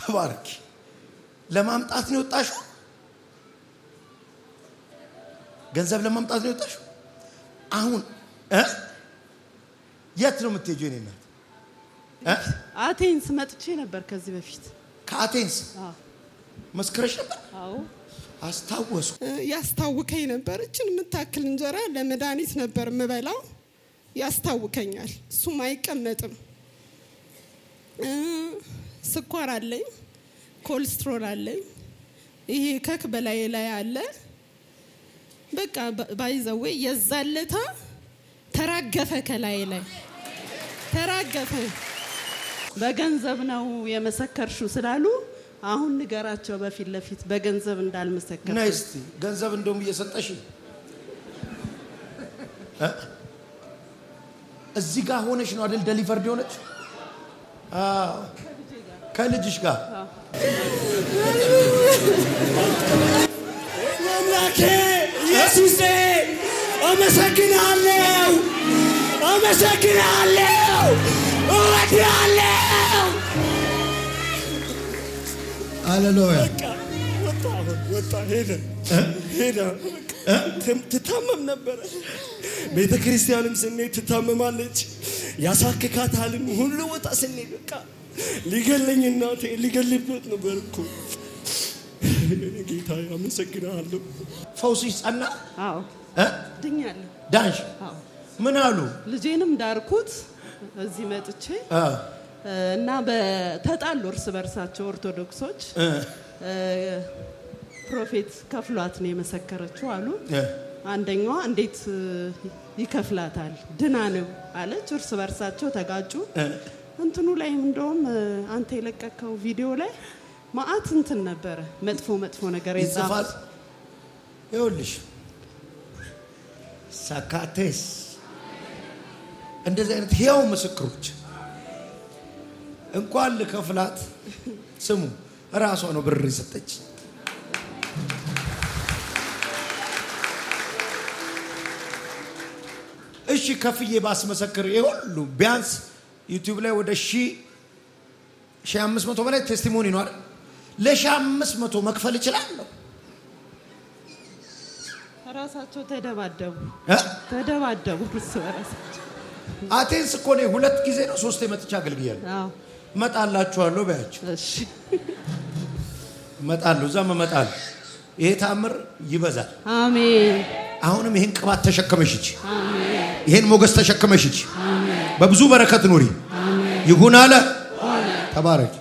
ተባርኪ። ለማምጣት ነው የወጣሽው። ገንዘብ ለማምጣት ነው የወጣሽው። አሁን የት ነው የምትሄጂው? የእኔ እናት አቴንስ መጥቼ ነበር ከዚህ በፊት ከአቴንስ መስከረሽ ነበር። አስታወሱ ያስታውከኝ ነበር። እችን የምታክል እንጀራ ለመድኃኒት ነበር የምበላው። ያስታውከኛል፣ እሱም አይቀመጥም። ስኳር አለኝ፣ ኮልስትሮል አለኝ። ይሄ ከክ በላይ ላይ አለ። በቃ ባይዘዌ የዛለታ ተራገፈ፣ ከላይ ላይ ተራገፈ። በገንዘብ ነው የመሰከርሹ ስላሉ አሁን ንገራቸው በፊት ለፊት በገንዘብ እንዳልመሰከር ነይ እስቲ ገንዘብ እንደውም እየሰጠሽ እዚህ ጋር ሆነሽ ነው አይደል? ደሊቨርድ የሆነች ከልጅሽ ጋር አምላኬ ኢየሱስ አመሰግናለሁ፣ አመሰግናለሁ፣ ትታመም ነበረ። ቤተ ክርስቲያንም ስንሄድ ትታመማለች፣ ያሳክካታልም ሁሉ ቦታ ስንሄድ በቃ ሊገለኝ እናቴ ሊገልበት ነበር እኮ ጌታ አመሰግናለሁ። ፈውስ ይጸና ድኛለሁ። ዳንሽ ምን አሉ? ልጄንም ዳርኩት እዚህ መጥቼ እና በተጣሉ እርስ በርሳቸው ኦርቶዶክሶች ፕሮፌት ከፍሏት ነው የመሰከረችው አሉ። አንደኛዋ እንዴት ይከፍላታል ድና ነው አለች። እርስ በርሳቸው ተጋጩ። እንትኑ ላይ እንደውም አንተ የለቀቀው ቪዲዮ ላይ ማአት እንትን ነበረ መጥፎ መጥፎ ነገር ይጻፋል። ይኸውልሽ ሳካቴስ እንደዚህ አይነት ህያው ምስክሮች እንኳን ልከፍላት ስሙ እራሷ ነው ብር የሰጠች። እሺ ከፍዬ ባስመሰክር ይሄ ሁሉ ቢያንስ ዩቲዩብ ላይ ወደ ሺ ሺ አምስት መቶ በላይ ቴስቲሞኒ ነው አይደል? ለሺ አምስት መቶ መክፈል እችላለሁ። ራሳቸው ተደባደቡ ተደባደቡ። አቴንስ እኮ እኔ ሁለት ጊዜ ነው ሶስት መጥቼ አገልግያለሁ። እመጣላችኋለሁ በያቸው እመጣለሁ፣ እዛም እመጣለሁ። ይሄ ታምር ይበዛል። አሜን። አሁንም ይህን ቅባት ተሸከመሽች፣ እንጂ ይሄን ሞገስ ተሸከመሽች። እንጂ በብዙ በረከት ኑሪ። ይሁን አለ። ተባረክ።